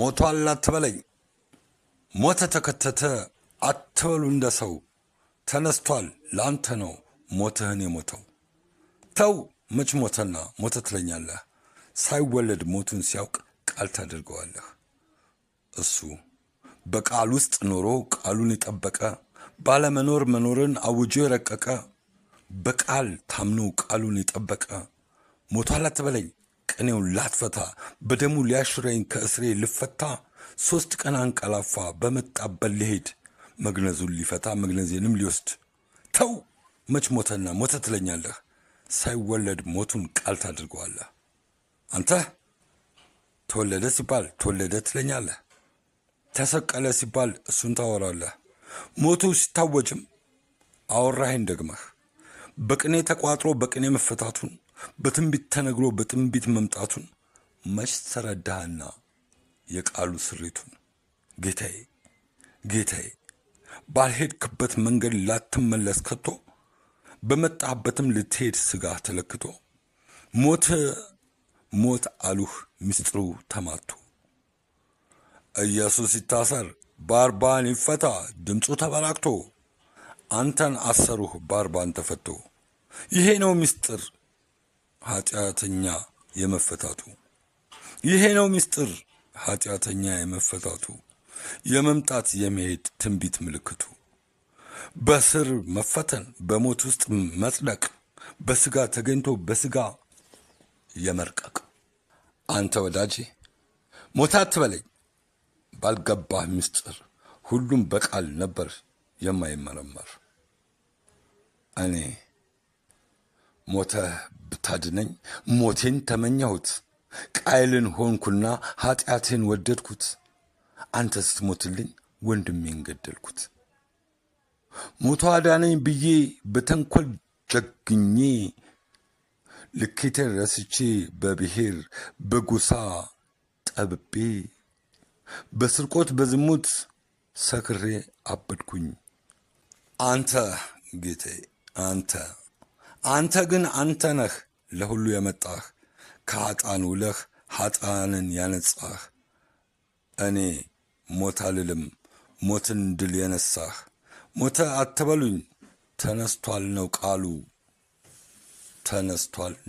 ሞቷል አትበለኝ፣ ሞተ ተከተተ አትበሉ እንደ ሰው፣ ተነስቷል ለአንተ ነው ሞትህን የሞተው። ተው መች ሞተና ሞተ ትለኛለህ? ሳይወለድ ሞቱን ሲያውቅ ቃል ታደርገዋለህ። እሱ በቃል ውስጥ ኖሮ ቃሉን የጠበቀ ባለመኖር መኖርን አውጆ የረቀቀ በቃል ታምኖ ቃሉን የጠበቀ ሞቷል አትበለኝ ቅኔውን ላትፈታ በደሙ ሊያሽረኝ ከእስሬ ልፈታ ሦስት ቀን አንቀላፋ በመጣበት ልሄድ መግነዙን ሊፈታ መግነዜንም ሊወስድ ተው መች ሞተና ሞተ ትለኛለህ? ሳይወለድ ሞቱን ቃል ታድርገዋለህ። አንተ ተወለደ ሲባል ተወለደ ትለኛለህ። ተሰቀለ ሲባል እሱን ታወራለህ። ሞቱ ሲታወጅም አወራሄን ደግመህ በቅኔ ተቋጥሮ በቅኔ መፈታቱን በትንቢት ተነግሮ በትንቢት መምጣቱን መች ተረዳህና የቃሉ ስሪቱን ጌታዬ ጌታዬ ባልሄድክበት መንገድ ላትመለስ ከቶ በመጣህበትም ልትሄድ ስጋ ተለክቶ ሞት ሞት አሉህ ምስጢሩ ተማቱ ኢየሱስ ሲታሰር ባርባን ይፈታ ድምፁ ተበራክቶ አንተን አሰሩህ ባርባን ተፈቶ ይሄ ነው ምስጢር ኃጢአተኛ የመፈታቱ ይሄ ነው ምስጢር። ኃጢአተኛ የመፈታቱ የመምጣት የመሄድ ትንቢት ምልክቱ በስር መፈተን፣ በሞት ውስጥ መጽደቅ፣ በስጋ ተገኝቶ በስጋ የመርቀቅ። አንተ ወዳጄ ሞት አትበለኝ ባልገባህ ምስጢር፣ ሁሉም በቃል ነበር የማይመረመር እኔ ሞተ ብታድነኝ ሞቴን ተመኛሁት፣ ቃይልን ሆንኩና ኃጢአትህን ወደድኩት፣ አንተ ስትሞትልኝ ወንድሜን ገደልኩት። ሞቶ አዳነኝ ብዬ በተንኮል ጀግኜ ልኬቴን ረስቼ በብሔር በጎሳ ጠብቤ በስርቆት በዝሙት ሰክሬ አበድኩኝ። አንተ ጌቴ አንተ አንተ ግን አንተ ነህ ለሁሉ የመጣህ ከኃጣን ውለህ ኃጣንን ያነጻህ እኔ ሞት አልልም ሞትን ድል የነሳህ ሞተ አትበሉኝ ተነስቷል ነው ቃሉ ተነስቷል